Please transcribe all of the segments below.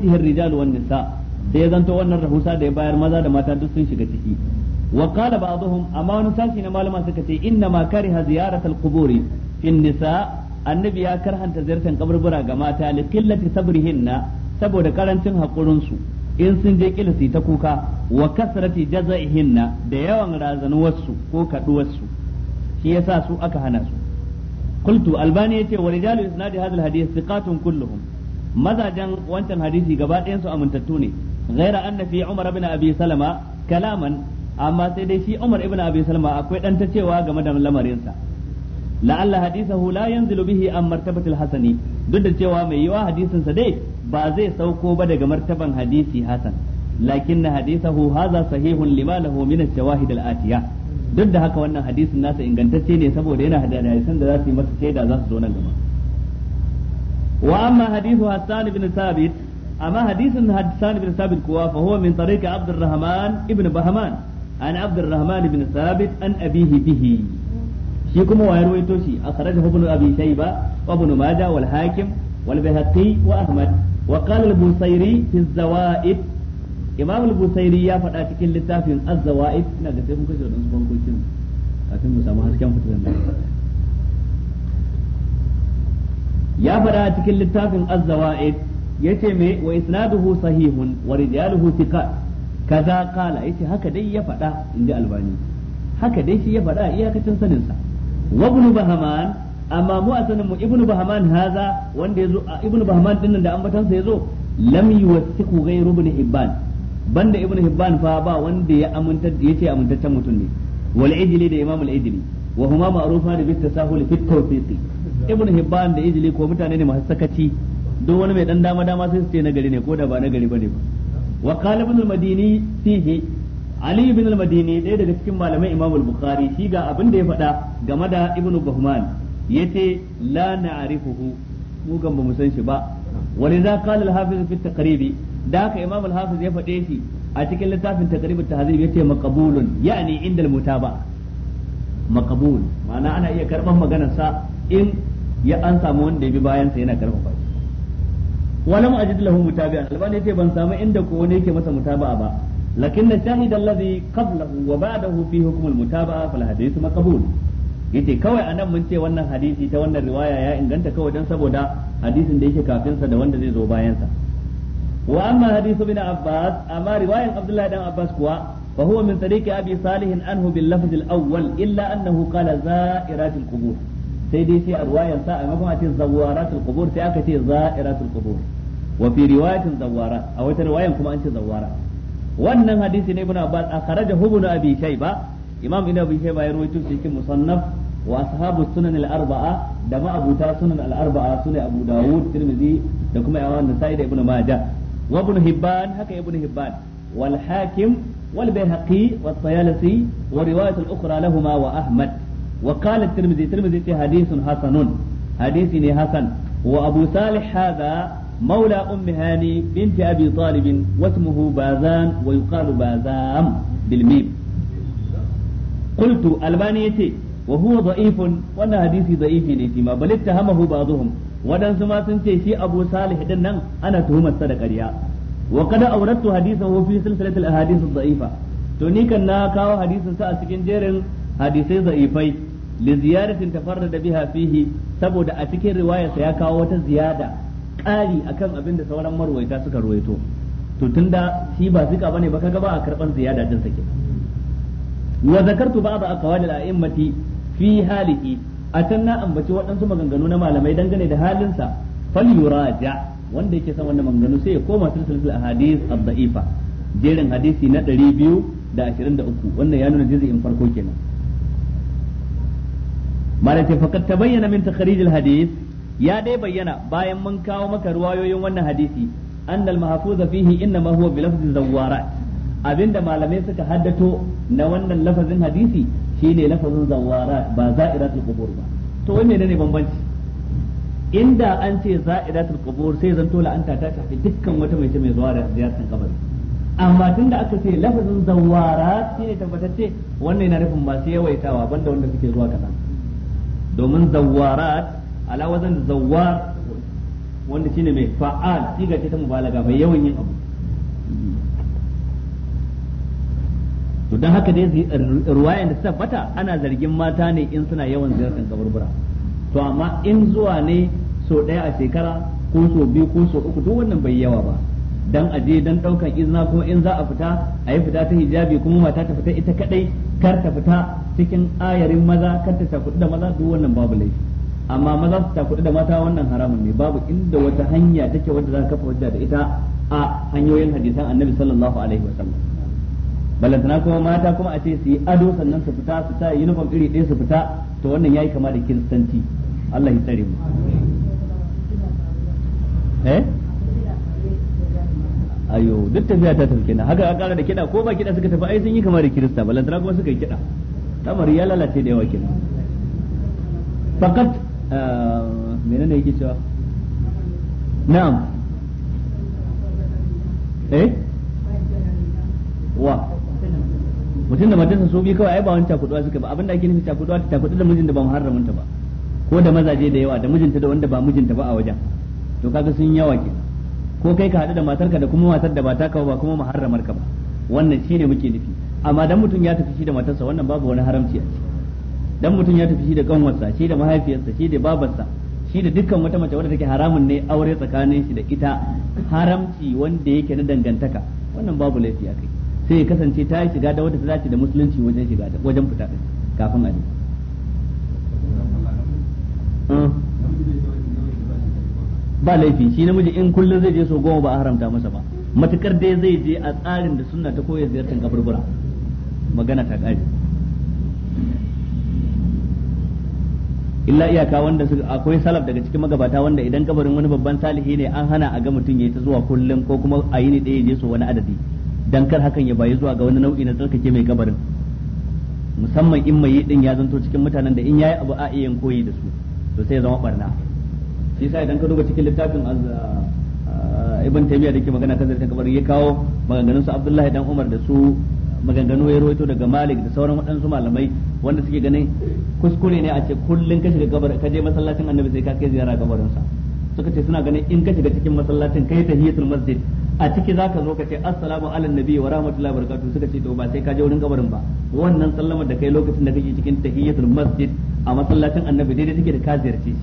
rukhsatihi ar da wan nisa sai ya zanto wannan rahusa da ya bayar maza da mata duk sun shiga ciki wa qala ba'dhum wani sashi na malama suka ce inna ma kariha ziyarat al nisa annabi ya karhanta ziyartar kaburbura ga mata li qillati sabrihinna saboda karancin hakurin su in sun je kilisi ta kuka wa kasrati da yawan ko shi yasa su aka hana su albani wa isnadi kulluhum mazajen wancan hadisi gaba ɗayan su amintattu ne ghaira anna fi umar ibn abi salama kalaman amma sai dai shi umar ibn abi salama akwai dan ta cewa game da lamarin sa alla hadisahu la yanzilu bihi an martabatil hasani duk da cewa mai yiwa hadisin sa dai ba zai sauko ba daga martaban hadisi hasan lakinna hadisahu hadha sahihun lima lahu min ash-shawahid al duk da haka wannan hadisin nasa ingantacce ne saboda yana da hadisan da za su yi masa shaida za su zo nan gaba وأما حديث حسان بن ثابت أما حديث حسان بن ثابت كوا فهو من طريق عبد الرحمن ابن بهمان عن عبد الرحمن بن ثابت عن أبيه به شيكم ويروي توشي أخرجه ابن أبي شيبة وابن ماجه والحاكم والبهقي وأحمد وقال البوصيري في الزوائد إمام البوصيري يا فتاة كل الزوائد نجد كشر نصبهم كل كافين مسامحة كم فتوى ya faɗa a cikin littafin az-zawaid yace me wa isnaduhu sahihun wa rijaluhu thiqat kaza qala yace haka dai ya faɗa inda albani haka dai shi ya faɗa iyakacin sanin sa wa ibn bahman amma mu a sanin mu ibn bahman haza wanda yazo ibn bahman din da ambatan sa yazo lam yuwathiqu ghayru ibn hibban banda ibn hibban fa ba wanda ya amintar yace amintaccen mutum ne wal ijli da imam al ijli wa huma ma'rufan bi tasahul fi tawfiqi ibn hibban da ijli ko mutane ne masu sakaci duk wani mai dan dama dama sai su ce nagari ne ko da ba nagari bane ba wa qala ibn al-madini fihi ali ibn al-madini ɗaya daga cikin malamai imam al-bukhari shi ga abin da ya faɗa game da ibn bahman yace la na'rifuhu mu gan ba mu san shi ba ولذا قال da ka Imam al-Hafizu ya faɗe shi a cikin littafin taqrib at-tahzib yace maqbulun yani inda al-mutaba maqbul ma'ana ana iya karban maganar sa in ya an samu wanda ya bi bayansa yana karfafa shi walam ajid lahu mutabi'an albani yace ban samu inda ko wani yake masa mutaba'a ba lakin shahid alladhi qablahu wa ba'dahu fi hukm almutaba'a fal hadith maqbul yace kawai anan mun ce wannan hadisi ta wannan riwaya ya inganta kawai dan saboda hadisin da yake kafin sa da wanda zai zo bayansa. sa wa amma hadithu bin abbas amma riwayan abdullahi dan abbas kuwa fa huwa min tariqi abi Salihin anhu bil lafz awwal illa annahu kala za'irat al sai dai sai a ruwayan sa a maimakon a ce zawaratul qubur sai aka ce za'iratul qubur wa fi riwayatin zawara a wata riwayan kuma an ce zawara wannan hadisi ne ibn abbas akhrajahu ibn abi shayba imam ibn abi shayba ya rawaito shi cikin musannaf wa ashabu sunan al-arba'a da ma abuta sunan al-arba'a sune abu dawud tirmidhi da kuma yawan nasa'i da ibn majah wa ibn hibban haka ibn hibban wal hakim wal bayhaqi wat tayalisi wa riwayatul al-ukhra lahumma wa ahmad wa qala tirmidhi tirmidhi ce hadithun hasanun hadisi ne hasan wa abu salih hadha مولى أم هاني بنت أبي طالب واسمه بازان ويقال بازام بالميم قلت ألبانيتي وهو ضعيف وانا حديثي ضعيف نتيما بل اتهمه بعضهم ودن سما سنتي شي ابو صالح دنن انا تهمة صدق رياء وقد اوردت حديثه في سلسلة الاحاديث الضعيفة to ni kan na kawo hadisin sa a cikin jerin hadisai za'ifai li ziyaratin tafarrada biha fihi saboda a cikin riwayarsa ya kawo wata ziyada ƙari akan abin da sauran marwaita suka ruwaito to tunda shi ba zika bane ba kaga ba a karban ziyada din sake wa zakartu a aqwal al-a'immati fi halihi atanna ambaci waɗansu maganganu na malamai dangane da sa fal yuraja wanda yake san wannan maganganu sai ya koma silsilatul ahadith ad-da'ifa jerin hadisi na 223 wannan ya nuna in farko kenan malam ce ta bayyana min takharijil hadis ya dai bayyana bayan mun kawo maka ruwayoyin wannan hadisi annal mahfuza fihi innama huwa bi lafzi zawarat abinda malamai suka haddato na wannan lafazin hadisi shine lafazin zawarat ba za'iratul qubur ba to wanne ne bambanci inda an ce za'iratul qubur sai zanto la'anta ta tafi dukkan wata mai ce mai zuwa da ziyartar kabari amma tun da aka ce lafazin zawara shi ne tabbatacce wannan yana nufin masu yawaitawa banda wanda suke zuwa kaɗan. domin zawarat ala wazan zawar wanda shine mai fa'al siga ce ta mubalaga mai yawan yin abu to dan haka dai ruwayan da tabbata ana zargin mata ne in suna yawan ziyartar kaburbura to amma in zuwa ne so daya a shekara ko so biyu ko so uku duk wannan bai yawa ba dan aje dan daukan izina kuma in za a fita a yi fita ta hijabi kuma mata ta fita ita kadai kar ta fita cikin ayarin maza kar ta takudu da maza duk wannan babu laifi amma maza su takudu da mata wannan haramun ne babu inda wata hanya take wanda za ka kafa wadda da ita a hanyoyin hadisan annabi sallallahu alaihi wasallam balantana kuma mata kuma a ce su yi ado sannan su fita su ta uniform iri ɗaya su fita to wannan yayi kama da kiristanci Allah ya tsare mu eh ayo duk tafiya ta tafi kenan haka a da kiɗa ko ba kiɗa suka tafi ai sun yi kamar da kirista balantana kuma suka yi kiɗa lamari ya lalace da yawa kenan fakat eh, menene yake cewa na'am eh wa mutum da matarsa su biyu kawai ai ba wani cakuduwa suka ba abinda ake nufi cakuduwa ta cakudu da mijin da ba mu harramunta ba ko da mazaje da yawa da mijinta da wanda ba mijinta ba a wajen to kaga sun yawa kenan ko kai ka haɗu da matarka da kuma matar da ba ta kawo ba kuma muharramar ka ba wannan shi ne muke nufi amma dan mutum ya tafi shi da matarsa wannan babu wani haramci a ciki dan mutum ya tafi shi da kanwarsa shi da mahaifiyarsa shi da babarsa shi da dukkan wata mace wadda take haramun ne aure tsakanin shi da ita haramci wanda yake na dangantaka wannan babu laifi a kai sai ya kasance ta yi shiga da wata ta da musulunci wajen shiga da wajen fita kafin a ba laifi shi namiji in kullum zai je so goma ba a haramta masa ba matukar dai zai je a tsarin da sunna ta koya ziyartar kaburbura magana ta kare illa iyaka wanda su akwai salaf daga cikin magabata wanda idan kabarin wani babban salihi ne an hana a ga mutum ya ta zuwa kullum ko kuma a yi ne ɗaya je so wani adadi dan kar hakan ya bayi zuwa ga wani nau'i na tsarkake mai kabarin musamman in mai yi din ya zanto cikin mutanen da in yayi abu a iya koyi da su to sai ya zama barna shi yasa idan ka duba cikin littafin ibn taymiya da ke magana kan zartan kabari ya kawo maganganun su abdullahi dan umar da su maganganu ya rawaito daga malik da sauran waɗansu malamai wanda suke ganin kuskure ne a ce kullun ka shiga kabar ka je masallacin annabi sai ka kai ziyara kabarin sa suka ce suna ganin in ka shiga cikin masallacin kai tahiyatul masjid a ciki zaka zo ka ce assalamu ala nabi wa rahmatullahi wa barakatuh suka ce to ba sai ka je wurin kabarin ba wannan sallama da kai lokacin da kake cikin tahiyatul masjid a masallacin annabi daidai take da ka ziyarce shi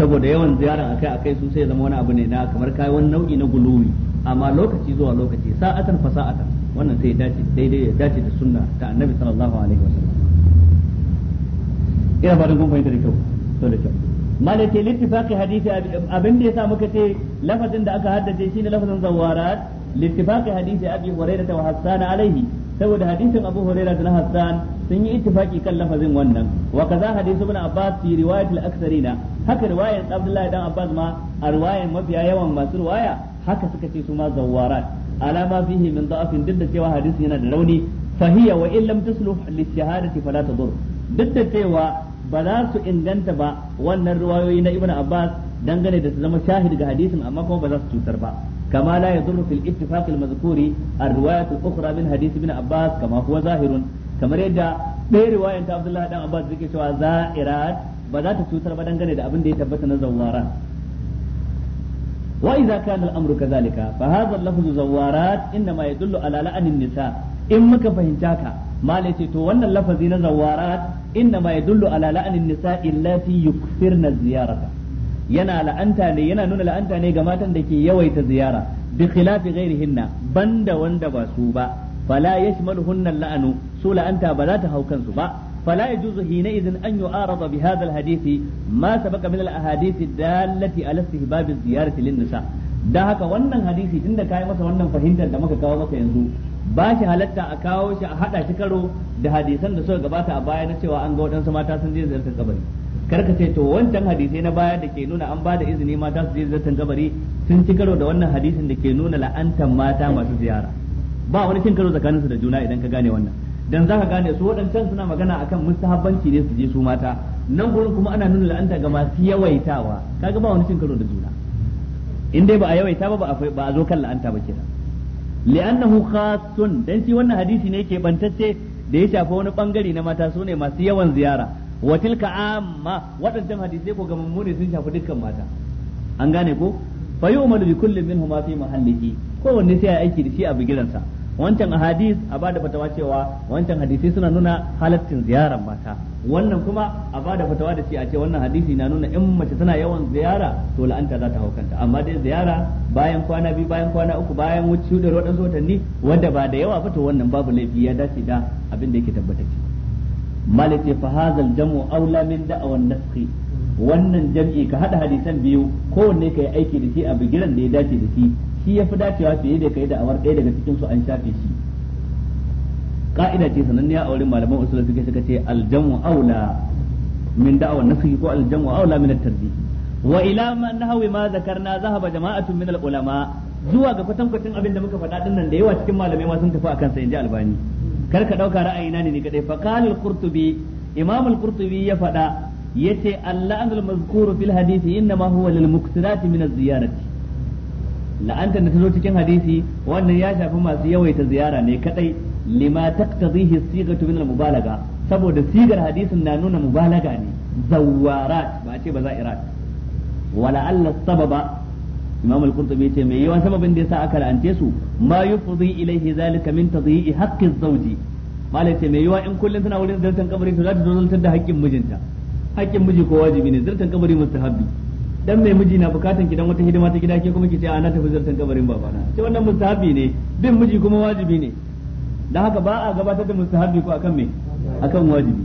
saboda yawan ziyara akai akai su sai zama wani abu ne na kamar kai wani nau'i na gulumi amma lokaci zuwa lokaci sa'atan fa sa'atan wannan sai dace daidai ya dace da sunna ta annabi sallallahu alaihi wasallam ina fatan kun fahimta da kyau to da kyau malaka littifaqi hadisi abin da yasa muka ce lafazin da aka haddace shine lafazin zawarat littifaqi hadisi abi hurairah wa hassan alaihi saboda hadisin abu hurairah da hassan sun yi ittifaki kan lafazin wannan wa kaza hadisu ibn abbas fi riwayat al-aktharina haka riwayar Abdullahi dan Abbas ma a riwayar mafiya yawan masu riwaya haka suka ce su ma zawwarat alama fihi min da'afin duk da cewa hadisi yana da rauni fahiya wa in lam tasluh lishahadati fala tadur duk da cewa ba za su inganta ba wannan riwayoyi na Ibn Abbas dangane da su zama shahid ga hadisin amma kuma ba za su cutar ba كما لا يضر في الاتفاق المذكور الرواية الأخرى من حديث ابن abbas كما هو zahirun kamar yadda ɗaya riwayar ta Abdullahi dan Abbas zake cewa za'irat ba za ta cutar ba dangane da abin da ya tabbata na zawara wa idza kana al-amru kadhalika fa hadha al zawarat inna ma yadullu ala la'anin nisa in muka fahimta ka malai ce to wannan lafazi na zawarat inna ma yadullu ala la'anin nisa illati yukfirna ziyarata yana la'anta ne yana nuna la'anta ne ga matan da ke yawaita ziyara bi khilafi ghairihinna banda wanda ba su ba fala yashmaluhunna la'anu su la'anta ba za ta hau kansu ba فلا يجوز حينئذ أن يعارض بهذا الحديث ما سبق من الأحاديث الدالة على استحباب الزيارة للنساء da haka wannan hadisi da kayi masa wannan fahimtar da muka kawo masa yanzu ba shi halatta a kawo shi a hada shi karo da hadisan da suka gabata a baya na cewa an ga waɗansu mata sun je ziyartar kabari kar ka ce to wancan hadisai na baya da ke nuna an ba da izini mata su je ziyartar kabari sun ci karo da wannan hadisin da ke nuna la'antar mata masu ziyara ba wani cin karo tsakaninsu da juna idan ka gane wannan dan zaka gane su waɗancan suna magana akan mustahabbanci ne su je su mata nan gurin kuma ana nuna la'anta ga masu yawaitawa kaga ba wani cin karo da juna in dai ba a yawaita ba ba a zo kan la'anta ba kenan li'annahu khassun dan shi wannan hadisi ne yake bantacce da ya shafi wani bangare na mata sune masu yawan ziyara wa tilka amma waɗancan hadisai ko ga mummune sun shafi dukkan mata an gane ko fa yu'malu bi kulli minhum ma fi mahallihi kowanne sai ya aiki da shi a bigiransa wancan hadis a bada fatawa cewa wancan hadisi suna nuna halattin ziyarar mata wannan kuma a bada fatawa da shi a ce wannan hadisi na nuna in mace tana yawan ziyara to la'anta za ta hau amma dai ziyara bayan kwana biyu bayan kwana uku bayan wuce da waɗansu watanni wanda ba da yawa ba wannan babu laifi ya dace da abin da yake ce malik fa fahazal jam'u aula min da'awan nafsi wannan jam'i ka hada hadisan biyu kowanne ka yi aiki da shi a bigiran da ya dace da shi shi ya fi dacewa fiye da kai da awar ɗaya daga cikin su an shafe shi ka'ida ce sananniya a wurin malaman usul fiqh suka ce aljamu aula min da'awa nafi ko aljamu aula min at wa ila man nahwi ma zakarna zahaba jama'atun min al-ulama zuwa ga kwatankwacin abin da muka faɗa din nan da yawa cikin malamai ma sun tafi akan sa inji albani kar ka dauka ra'ayina ne ne kadai fa qala al-qurtubi imam al-qurtubi ya faɗa yace al-la'nul mazkuru fil hadisi inma huwa lil muqtirati min az-ziyarati la'antar da ta zo cikin hadisi wannan ya shafi masu yawaita ziyara ne kadai lima taqtadhihi sigatu min al-mubalaga saboda sigar hadisin na nuna mubalaga ne zawarat ba ce ba za'irat wala alla sababa imam al-qurtubi ce mai yawan sababin da yasa aka la'ance su ma yufdi ilayhi zalika min tadhi'i haqqi az-zawji malai ce mai yawa in kullun tana wurin zartan kabari to za ta zo zartar da haƙƙin mijinta haƙƙin miji ko wajibi ne zartan kabari mustahabbi dan mai miji na bukatan gidan wata hidima ta gida ke kuma ki ce ana tafi zartan kabarin babana ce wannan mustahabi ne bin miji kuma wajibi ne dan haka ba a gabatar da mustahabi ko akan me akan wajibi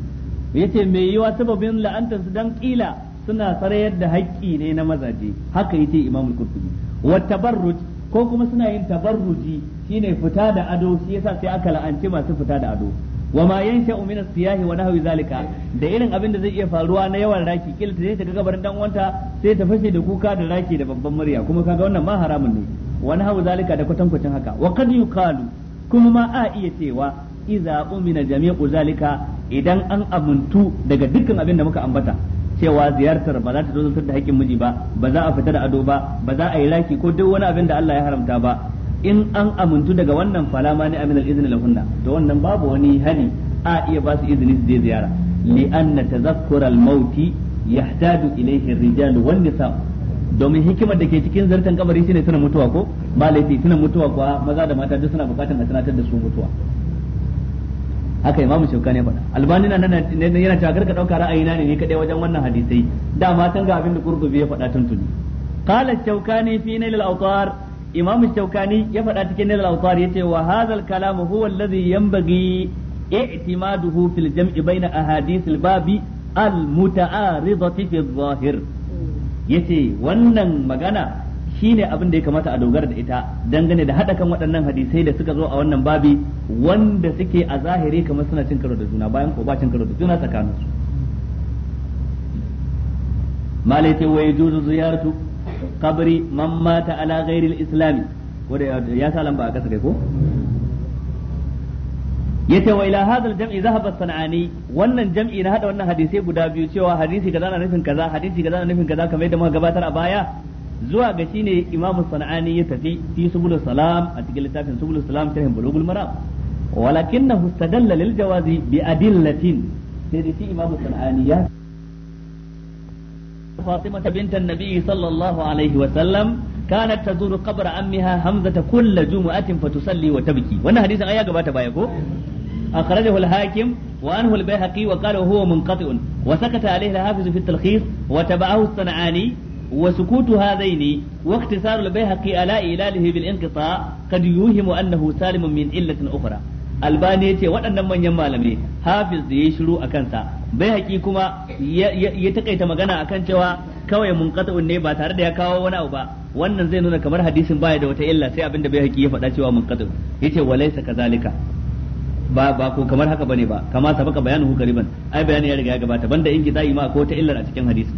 yace mai yiwa sababin la'antar su dan kila suna sarayar da haƙƙi ne na mazaje haka yace imamul qurtubi wa tabarruj ko kuma suna yin tabarruji shine fita da ado shi yasa sai aka la'anci masu fita da ado wa ma yansha'u min as-siyahi wa nahwi zalika da irin abin da zai iya faruwa na yawan raki kila ta zai ta gabarin dan wanta sai ta fashe da kuka da raki da babban murya kuma kaga wannan ma haramun ne wa nahwi zalika da kwatan haka wa qad yuqalu kuma ma a iya cewa idza umina jami'u zalika idan an amuntu daga dukkan abin da muka ambata cewa ziyartar ba za ta zo da haƙƙin miji ba ba za a fita da ado ba ba za a yi raki ko duk wani abin da Allah ya haramta ba in an amintu daga wannan falama ne aminal izni lahunna to wannan babu wani hani a iya ba su izini su je ziyara li anna tazakkural mauti yahtaju ilayhi ar-rijal wan nisa domin hikimar da ke cikin zartan kabari shine suna mutuwa ko ba laifi suna mutuwa kuwa maza da mata duk suna bukatan a tunatar da su mutuwa haka imam shaukani ne faɗa albani na nan yana cewa dauka ɗauka na ne ni kaɗai wajen wannan hadisai dama tun ga abin da qurtubi ya faɗa tuntuni qala shaukani fi nailil awtar imam shaukani ya faɗa cikin nilal awtar yace wa hadha al-kalam huwa alladhi yanbaghi i'timaduhu fil jam'i bayna ahadith al-babi al-muta'aridati fi adh-dhahir yace wannan magana shine abin da ya kamata a dogara da ita dangane da hada kan waɗannan hadisai da suka zo a wannan babi wanda suke a zahiri kamar suna cin karo da juna bayan ko ba cin karo da juna tsakaninsu malai ce wa qabri man mata ala ghairi al-islam wanda ya sa lamba a kasa kai ko yace wa ila hadha al-jam'i dhahaba sanani wannan jam'i na hada wannan hadisi guda biyu cewa hadisi kaza na nufin kaza hadisi kaza na nufin kaza kamar yadda muka gabatar a baya zuwa ga shine imamu sana'ani ya tafi fi subulus salam a cikin littafin subulus salam sharhin bulugul maram walakinahu istadalla lil jawazi bi adillatin sai dai shi imamu sana'ani ya فاطمة بنت النبي صلى الله عليه وسلم كانت تزور قبر أمها همزة كل جمعة فتصلي وتبكي وأن حديث آية قبات بايكو أخرجه الحاكم وأنه البيهقي وقال وهو منقطع وسكت عليه الحافظ في التلخيص وتبعه الصنعاني وسكوت هذين واقتصار البيهقي على إلاله بالانقطاع قد يوهم أنه سالم من علة أخرى albani yace waɗannan manyan malamai hafiz da ya shiru a kansa bai haƙi kuma ya taƙaita magana akan cewa kawai mun munqati'un ne ba tare da ya kawo wani abu ba wannan zai nuna kamar hadisin baya da wata illa sai abinda bai haƙi ya faɗa cewa ce walai sa kazalika ba ba ko kamar haka bane ba kama sabaka bayanin kariban ai bayani ya riga ya gabata banda in za'i ma ko ta illar a cikin hadisi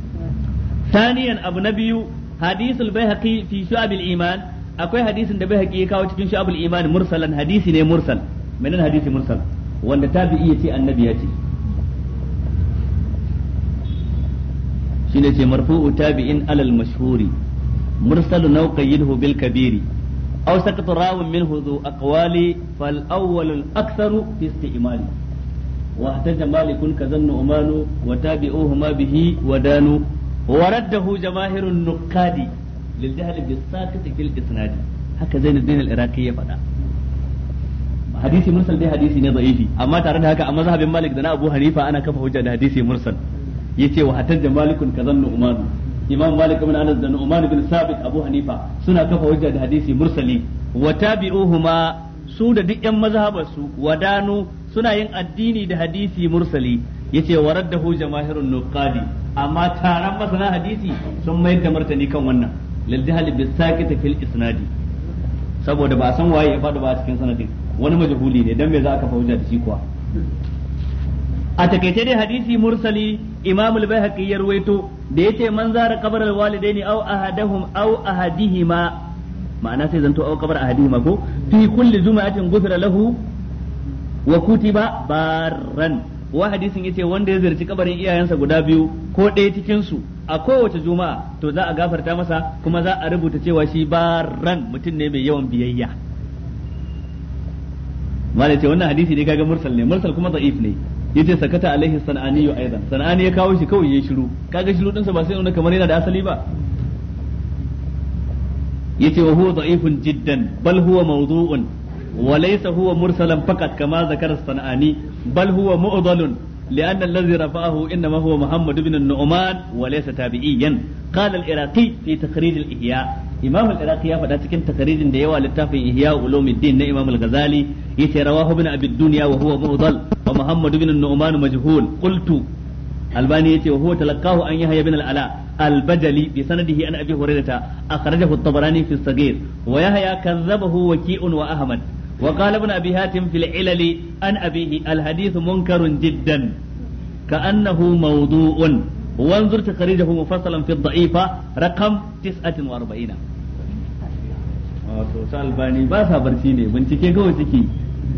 Saniyan abu na biyu hadisul البيهقي fi shu'abil iman akwai hadisin da bai haƙi ya kawo cikin shu'abil iman mursalan hadisi ne mursal menene hadisi mursal wanda tabi'i ya ce annabi ya ce shine ce marfu'u tabi'in alal mashuri mursalu nauqayyidhu bil kabiri aw saqata rawin minhu dhu aqwali fal awwal al aktharu fi isti'mali واحتج مالك كذا النعمان وتابعوهما به ودانوا ورده جماهير النقاد للجهل بالساقط في الإسناد هكذا زين الدين العراقي يفعل hadisi mursal dai hadisi ne da'ifi amma tare da haka a mazhabin malik da na abu hanifa ana kafa hujja da hadisi mursal yace wa da malikun kazan nu'man imam malik ibn anas da nu'man bin sabit abu hanifa suna kafa hujja da hadisi mursali wa tabi'uhuma su da duk yan mazhabarsu wadanu suna yin addini da hadisi mursali yace wa raddahu jamaahirun nuqadi amma taron masana hadisi sun mayar da martani kan wannan lil jahli bis saqita fil isnadi saboda ba san waye ya fada ba a cikin sanadin wani majhuli ne dan me za ka fahimta da shi kuwa a takaice dai hadisi mursali imam al-baihaqi ya ruwaito da yace man zara qabr al-walidaini aw ahadahum aw ahadihima ma'ana sai zanto aw qabr ahadihima ko fi kulli jum'atin ghufira lahu wa kutiba barran wa hadisin yace wanda ya ziyarci kabarin iyayensa guda biyu ko ɗaya cikin su a kowace juma'a to za a gafarta masa kuma za a rubuta cewa shi barran mutum ne mai yawan biyayya malai ce wannan hadisi ne kaga mursal ne mursal kuma da'if ne yace sakata alaihi sanani yu aidan sanani ya kawo shi kawai yayi shiru kaga shiru din sa ba sai nuna kamar yana da asali ba yace wa huwa da'ifun jiddan bal huwa mawdu'un wa laysa huwa mursalan faqat kama zakara sanani bal huwa mu'dalun لأن الذي رفعه إنما هو محمد بن النعمان وليس تابعيا قال العراقي في تخريج الإحياء imam al ya faɗa cikin takaririn da yawa littafin ihya ulumuddin na imam al-ghazali yace rawahu ibn abi dunya wa huwa mu'dal wa muhammad ibn nu'man majhul qultu albani yace wa huwa talaqahu an yahya ibn al-ala al-bajali bi sanadihi an abi hurairah akhrajahu at-tabarani fi as-saghir wa yahya kazzabahu waki'un wa ahmad وقال ابن أبي هاتم في العلل عن jiddan ka منكر جدا كأنه موضوع wanzur takhrijahu mufassalan fi dha'ifa rakam 49 wato sa albani ba sa barci ne bincike kawai suke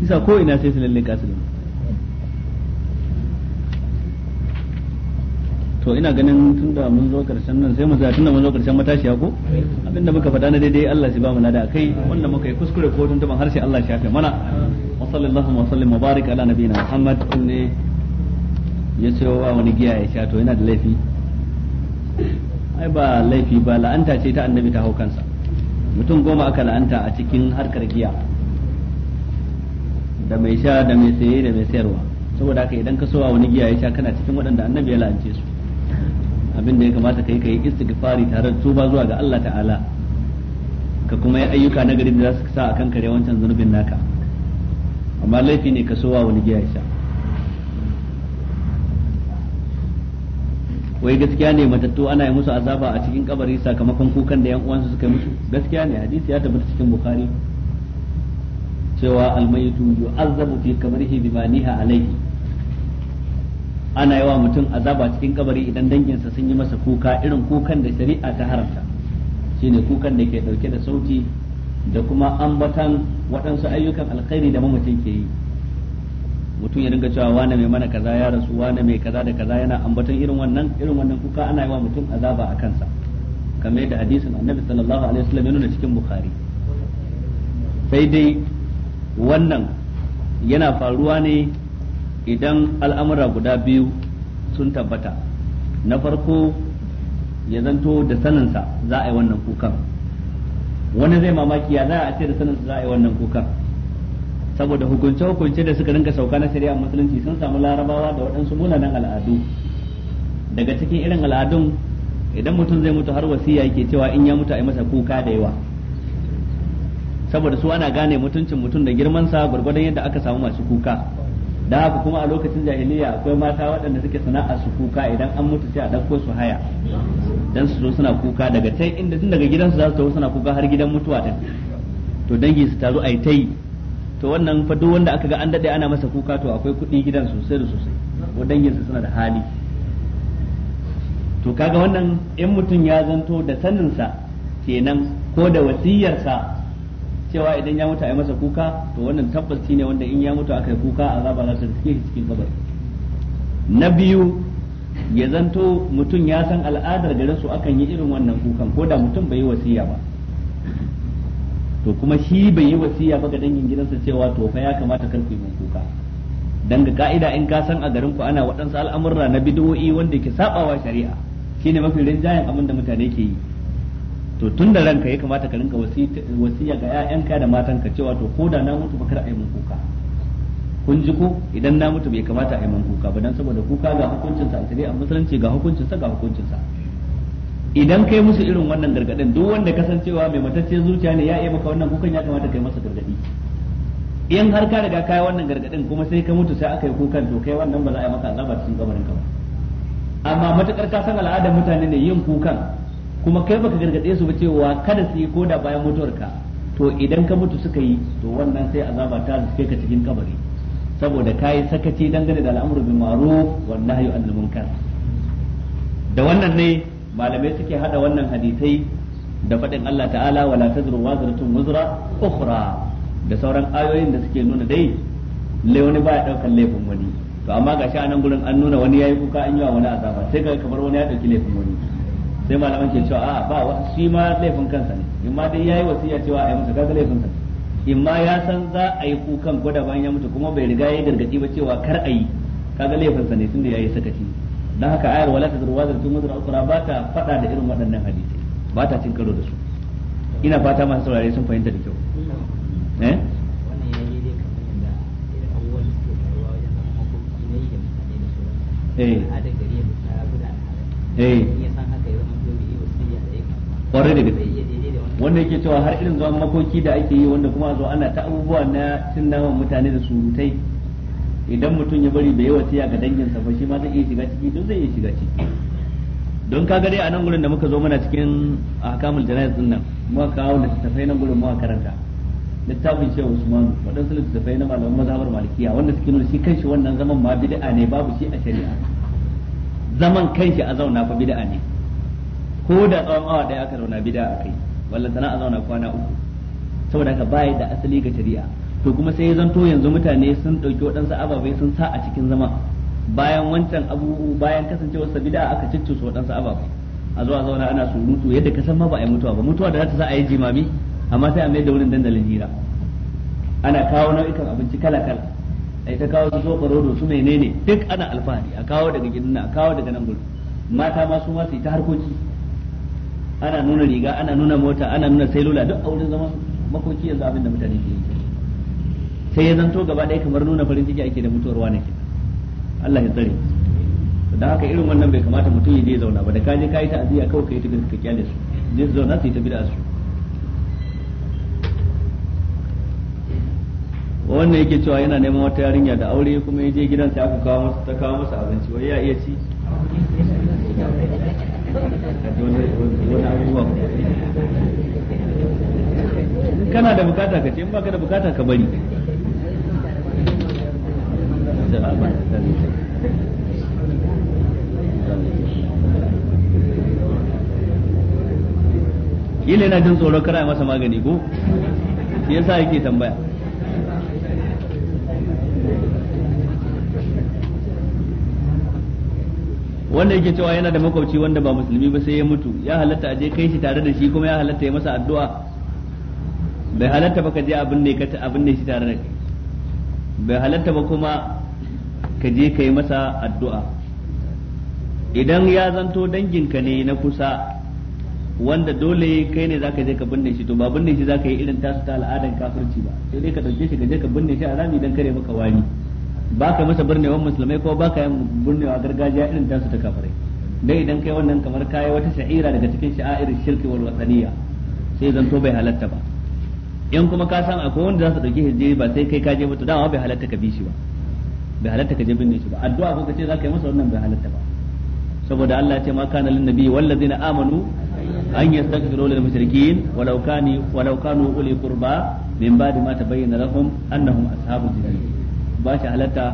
bisa ko ina sai su to ina ganin tunda mun zo karshen nan sai mu tsaya tunda mun zo karshen matashiya ko abinda muka faɗa na daidai Allah shi ba mu lada kai wanda muka yi kuskure ko tuntuban harshe Allah shi ya mana wa sallallahu wa sallim wa barik ala nabiyina Muhammad ne ya sayo wa wani giya ya sha to yana da laifi ai ba laifi ba la'anta ce ta annabi ta hau kansa mutum goma aka la'anta a cikin harkar giya da mai sha da mai saye da mai sayarwa saboda haka idan ka sowa wani giya ya sha kana cikin waɗanda annabi ya la'ance su abin da ya kamata ka kai kai istighfari tare da tuba zuwa ga Allah ta'ala ka kuma yi ayyuka na gari da za su sa akan kare wancan zunubin naka amma laifi ne ka sowa wani giya ya sha wai gaskiya ne matattu ana yi musu azaba a cikin kabari sakamakon kukan da yan uwansu suka yi musu gaskiya ne hadisi ya tabbata cikin bukhari cewa almayitu yu'azzabu fi kabrihi bima niha alayhi ana yawa mutum azaba cikin kabari idan danginsa sun yi masa kuka irin kukan da shari'a ta haramta shine kukan da ke dauke da sauti da kuma ambatan waɗansu ayyukan alkhairi da mamacin ke yi mutum ya dinga cewa wane mai mana kaza ya rasu wane mai kaza da kaza yana ambaton irin wannan irin wannan kuka ana yi wa mutum azaba a kansa kamar yadda hadisin annabi sallallahu alaihi wasallam ya nuna cikin bukhari sai dai wannan yana faruwa ne idan al'amura guda biyu sun tabbata na farko ya zanto da saninsa za a yi wannan kukan wani zai mamaki ya za a ce da saninsa za a yi wannan kukan saboda hukunce hukunce da suka rinka sauka na shari'a musulunci sun samu larabawa da waɗansu munanan al'adu daga cikin irin al'adun idan mutum zai mutu har wasiya yake cewa in ya mutu a yi masa kuka da yawa saboda su ana gane mutuncin mutum da girmansa gwargwadon yadda aka samu masu kuka da haka kuma a lokacin jahiliya akwai mata waɗanda suke sana'a su kuka idan an mutu sai a ɗauko su haya dan su zo suna kuka daga can inda tun daga gidansu za su tafi suna kuka har gidan mutuwa din to dangi su taru a yi ta yi to wannan fa duk wanda aka ga an dade ana masa kuka to akwai kuɗi gidan sosai da sosai ko danginsa suna da hali to kaga wannan in mutum ya zanto da saninsa kenan ko da wasiyarsa cewa idan ya mutu a yi masa kuka to wannan tabbaci ne wanda in ya mutu aka yi kuka azaba za ta shi cikin kabari na biyu ya zanto mutum ya san al'adar garin su akan yi irin wannan kukan ko da mutum bai yi wasiya ba to kuma shi bai yi wasiya ba ga dangin gidansa cewa to fa ya kamata kan ku yi mun kuka dan ga ka'ida in ka san a garin ku ana waɗansu al'amurra na bid'o'i wanda ke sabawa shari'a shine mafi rinjayen abin da mutane ke yi to tun da ranka ya kamata ka rinka wasiya ga 'ya'yanka da matanka cewa to ko da na mutu ba kar a yi mun kuka kun ji ko idan na mutu bai kamata a yi mun kuka ba dan saboda kuka ga hukuncinsa a shari'a musulunci ga hukuncinsa ga hukuncinsa idan kai musu irin wannan gargadin duk wanda kasancewa mai matacce zuciya ne ya iya maka wannan kukan ya kamata kai masa gargadi in har ka riga kai wannan gargadin kuma sai ka mutu sai aka yi kukan to kai wannan ba za a yi maka azaba cikin kabarin ka amma matukar ka san al'adar mutane ne yin kukan kuma kai baka gargade su ba cewa kada su yi da bayan mutuwar ka to idan ka mutu suka yi to wannan sai azaba ta suke ka cikin kabari saboda kai sakaci dangane da al'amuru bil ma'ruf wan nahyi anil munkar da wannan ne malamai suke hada wannan hadisai da faɗin Allah ta'ala wala tazru wazratun wuzra ukhra da sauran ayoyin da suke nuna dai lai wani baya daukar laifin wani to amma gashi a nan gurin an nuna wani yayi kuka an yi wa wani azaba sai ga kamar wani ya dauki laifin wani sai malaman ke cewa a ba wa shi ma laifin kansa ne in ma dai yayi wasiya cewa ai masa kaga laifin kansa in ma ya san za a yi kukan gwada bayan ya mutu kuma bai riga ya gargadi ba cewa kar a yi kaga laifin sa ne tunda yayi sakaci dan haka ayar wala tazru wa tun wazir ukra ba ta fada da irin waɗannan hadisi ba ta cin karo da su ina fata masu saurare sun fahimta da kyau eh kwarai da gaske wanda yake cewa har irin zuwa makoki da ake yi wanda kuma zo ana ta abubuwa na cin naman mutane da surutai idan mutum ya bari bai yi wasiya ga danginsa ba shi ma zai iya shiga ciki duk zai iya shiga ciki don kaga dai a nan gurin da muka zo mana cikin ahkamul janayis din nan muka kawo tafai nan gurin muka karanta littafin shi usman waɗansu tafai na malaman mazhabar malikiya wanda suke nuna shi kanshi wannan zaman ma bid'a ne babu shi a shari'a zaman kanshi a zauna fa bid'a ne ko da tsawon awa daya aka zauna bid'a a kai wallan sana a zauna kwana uku saboda haka bai da asali ga shari'a to kuma sai ya zanto yanzu mutane sun ɗauki waɗansu ababai sun sa a cikin zama bayan wancan abu bayan kasancewa sabida aka cicci su waɗansu ababai a zuwa zauna ana surutu yadda ka san ma ba a yi mutuwa ba mutuwa da za ta sa a yi jimami amma sai a mai da wurin dandalin hira ana kawo nau'ikan abinci kala kala a ita kawo su rodo su menene duk ana alfahari a kawo daga gidan a kawo daga nan gudu mata ma su ma su yi ta harkoki ana nuna riga ana nuna mota ana nuna sailula duk a wurin zama makoki yanzu abin da mutane ke yi sai ya zanto gaba ɗaya kamar nuna farin ciki ake da mutuwar wani ke Allah ya tsare da haka irin wannan bai kamata mutum ya je zauna ba da kaje je ka yi ta'aziyya kawai ka yi tafiya ka kyale su je su zauna su yi tafiya su wannan yake cewa yana neman wata yarinya da aure kuma ya je gidan sai aka kawo masa ta kawo masa abinci wai ya iya ci kana da bukata ka ce in baka da bukata ka bari kila yana jin tsoron kara masa magani ko shi yasa yake tambaya wanda yake cewa yana da makwabci wanda ba musulmi ba sai ya mutu ya halatta a je kai shi tare da shi kuma ya halatta ya masa addu'a bai halatta ba ka je abin ne shi tare da kai bai halatta ba kuma ka je ka yi masa addu'a idan ya zanto danginka ne na kusa wanda dole kai ne zaka je ka binne shi to ba binne shi zaka yi irin tasu ta al'adan kafirci ba sai dai ka dauke shi ka je ka binne shi a rami dan kare maka wani ba ka masa birnewan musulmai ko ba ka yin birnewa gargajiya irin tasu ta kafirai dai idan kai wannan kamar kayi wata sha'ira daga cikin sha'irin shirki wal wasaniya sai zanto bai halatta ba in kuma ka san akwai wanda za su dauke shi ba sai kai ka je ba to dama bai halatta ka bi shi ba bai halatta ka je binne shi ba addu'a ko ka ce zaka yi masa wannan bai halatta ba saboda Allah ya ce ma kana lin nabi ladina amanu an yastaghfiru lil mushrikeen walau kani walau kanu uli qurba min ba'di ma tabayyana lahum annahum ashabu jahim ba shi halatta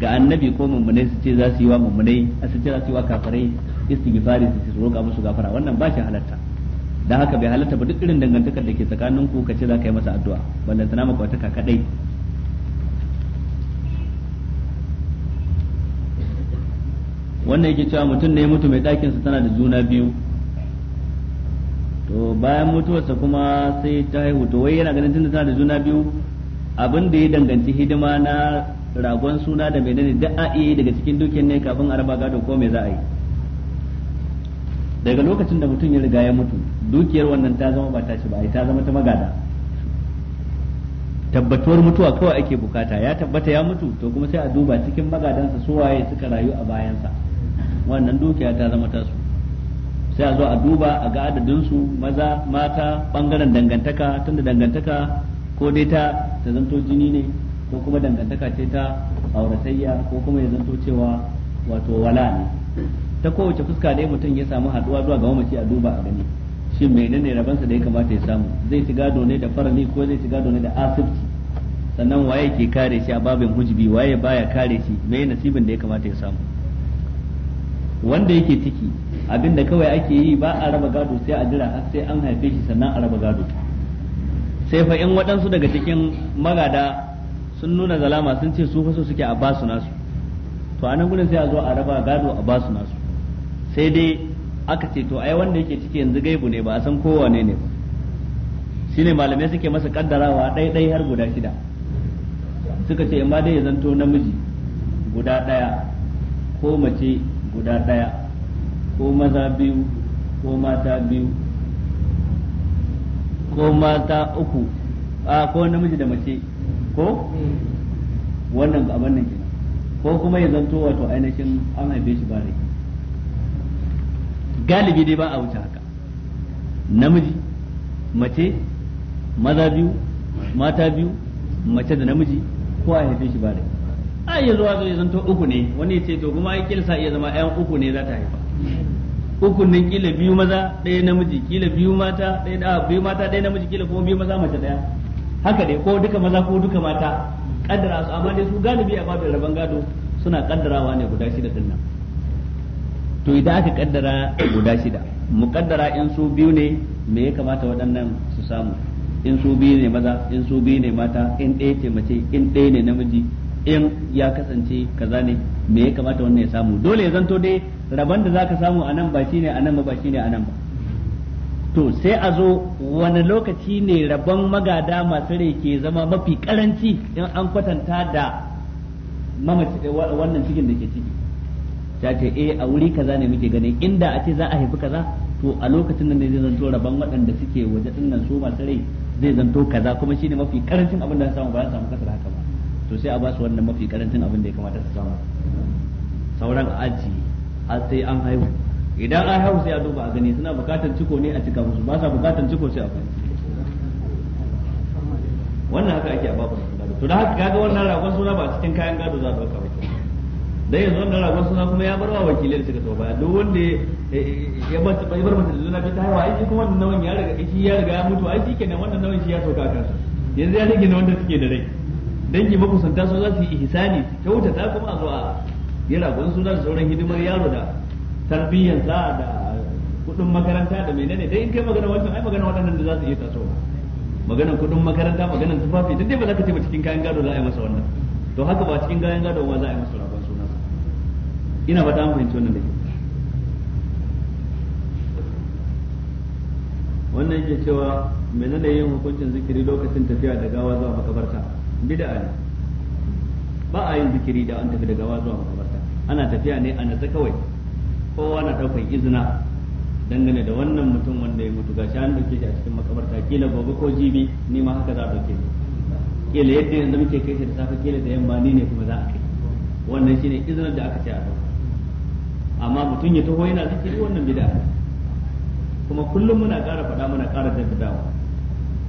ga annabi ko mummunai su ce za su yi wa mummunai a su ce za su yi wa kafirai istighfari su su roƙa musu gafara wannan ba shi halatta da haka bai halatta ba duk irin dangantakar da ke tsakanin ku ka ce za ka yi masa addu'a ballan tana maka wata kadai wannan yake cewa mutum ne mutu mai ɗakinsa tana da juna biyu to bayan mutuwarsa kuma sai ta haihu to wai yana ganin tunda tana da juna biyu abin da ya danganci hidima na ragon suna da mai da a iya daga cikin dukiyar ne kafin a raba gado ko me za a yi daga lokacin da mutum ya riga ya mutu dukiyar wannan ta zama ba ta ci ba ai ta zama ta magada tabbatuwar mutuwa kawai ake bukata ya tabbata ya mutu to kuma sai a duba cikin magadansa su waye suka rayu a bayansa wannan dukiya ta zama tasu sai a zo a duba a ga adadinsu maza mata bangaren dangantaka tunda dangantaka ko dai ta ta zanto jini ne ko kuma dangantaka ce ta auratayya ko kuma ya zanto cewa wato wala ne ta kowace fuska dai mutum ya samu haduwa zuwa ga mamaci a duba a gani shin menene rabansa da ya kamata ya samu zai shiga ne da farani ko zai shiga ne da asibiti sannan waye ke kare shi a babin hujbi waye baya kare shi mai nasibin da ya kamata ya samu wanda yake ciki abinda kawai ake yi ba a raba gado sai a jira har sai an haife shi sannan a raba gado sai fa in waɗansu daga cikin magada sun nuna zalama sun ce su fa so suke a basu nasu to a nan gudun sai a zo a raba gado a basu nasu sai dai aka ce to ai wanda yake ciki yanzu gaibu ne ba a san kowane ne ba shine malamai suke masa kaddarawa ɗai ɗai har guda shida suka ce in ma dai ya zanto namiji guda ɗaya ko mace guda ɗaya ko maza biyu ko mata biyu ko mata uku a ko namiji da mace ko wannan abin nan kenan ko kuma ya zanto wato ainihin an haife shi bare galibi dai ba a wuce haka namiji mace maza biyu mata biyu mace da namiji ko a haife shi bare a iya zuwa zai zanto uku ne wani ya ce to kuma ai kilsa iya zama ayan uku ne za ta haifa uku ne kila biyu maza ɗaya namiji kila biyu mata ɗaya da biyu mata ɗaya namiji kila kuma biyu maza mace ɗaya haka dai ko duka maza ko duka mata kaddara su amma dai su galibi a babin rabon gado suna kaddarawa ne guda shida din nan to idan aka kaddara guda shida muqaddara in su biyu ne me ya kamata waɗannan su samu in su biyu ne maza in su biyu ne mata in ɗaya ce mace in ɗaya ne namiji in ya kasance kaza ne me ya kamata wannan ya samu dole ya zanto dai rabon da zaka samu a nan ba ne a nan ba ne a nan ba to sai a zo wani lokaci ne rabon magada masu rai ke zama mafi karanci in an kwatanta da mamaci eh, wannan cikin da ke ciki ta ce eh a wuri kaza ne muke ganin inda a ce za a haifi kaza to a lokacin nan ne zai zanto rabon waɗanda suke waje dinnan su masu rai zai zanto kaza kuma shine mafi karancin abin da samu ba za samu kasar haka ba to sai a ba su wannan mafi karancin abin da ya kamata su samu sauran aji har sai an haihu idan an haihu sai a duba a gani suna bukatar ciko ne a cika musu ba sa bukatar ciko sai a bai wannan haka ake a babu gado to da haka kaga wannan ragon suna ba cikin kayan gado za a dauka ba dai yanzu wannan ragon suna kuma ya bar wa wakilai da suka so baya duk wanda ya bar ya bar mutum zuna bi ta haihuwa aiki kuma wannan nauyin ya riga ya riga ya mutu aiki kenan wannan nauyin shi ya sauka kansa yanzu ya rage na wanda suke da rai dangi makusanta su za su yi ihsani su kyautata kuma a zo a yi suna da sauran hidimar yaro da tarbiyyansa da kudin makaranta da menene dai in kai magana wancan ai magana waɗannan da za su iya tasowa maganan kudin makaranta maganan tufafi duk dai ba za ka ce ba cikin kayan gado za a yi masa wannan to haka ba cikin kayan gado ba za a yi masa ragon suna ina ta an fahimci wannan da ke wannan yake cewa menene yin hukuncin zikiri lokacin tafiya da gawa zuwa makabarta bid'a ne ba a yin zikiri da an tafi daga wa zuwa makabarta ana tafiya ne a natsa kawai kowa na ɗaukar izina dangane da wannan mutum wanda ya mutu gashi an dauke shi a cikin makabarta kila gobe ko jibi ni ma haka za a dauke ni kila yadda yanzu muke kai shi da safe kila da yamma ni ne kuma za a kai wannan shine izinin da aka ce a dauka amma mutum ya taho yana zikiri wannan bid'a kuma kullum muna ƙara faɗa muna ƙara jaddadawa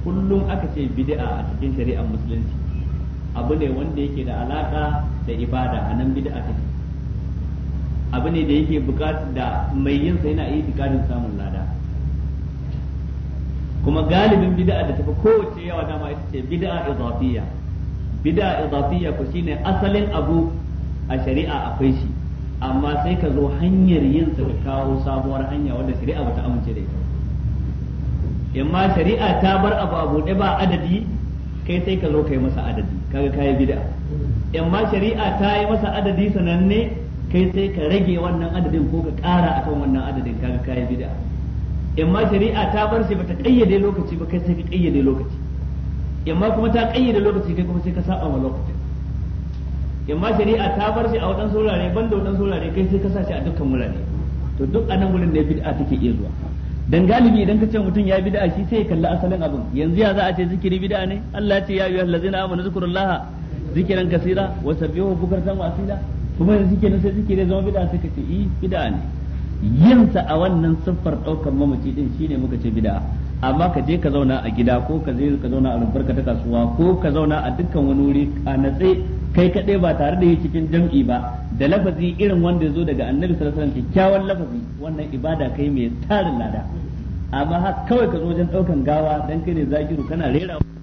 kullum aka ce bid'a a cikin shari'ar musulunci abu ne wanda yake da alaka da ibada a nan bid'a take abu ne da yake bukatar da mai yin sa yana itikadin samun lada kuma galibin bid'a da tafi kowace yawa dama ita ce bid'a idafiyya bid'a idafiyya ko shine asalin abu a shari'a akwai shi amma sai ka zo hanyar yin sa ka kawo sabuwar hanya wanda shari'a bata amince da ita amma shari'a ta bar abu abu ba adadi kai sai ka zo kai masa adadi kaga yi bid'a amma shari'a ta yi masa adadi sananne kai sai ka rage wannan adadin ko ka ƙara akan wannan adadin kaga kayi bid'a amma shari'a ta bar shi bata kayyade lokaci ba kai sai ka kayyade lokaci amma kuma ta kayyade lokaci kai kuma sai ka saba wa lokacin amma shari'a ta bar shi a wadan saurare banda wadan saurare kai sai ka sa shi a dukkan wurare to duk anan gurin ne bid'a take iya zuwa dan galibi idan ka ce mutum ya bid'a shi sai ya kalli asalin abin yanzu ya za a ce zikiri bid'a ne Allah ya ce ya ayyuhal ladzina amanu zikrullaha zikiran kasira wa sabbihu bukratan wa asila kuma yanzu kenan sai zikiri zama bid'a sai ka ce eh bid'a ne yin a wannan siffar daukar mamaci din shine muka ce bid'a amma ka je ka zauna a gida ko ka je ka zauna a rumfarka ta kasuwa ko ka zauna a dukkan wani wuri a natse kai kaɗai ba tare da yi cikin jam'i ba da lafazi irin wanda ya zo daga annabi sallallahu alaihi wasallam kyakkyawan lafazi wannan ibada kai mai tarin lada amma kawai ka zo wajen ɗaukan gawa dan kai ne zagiru kana rera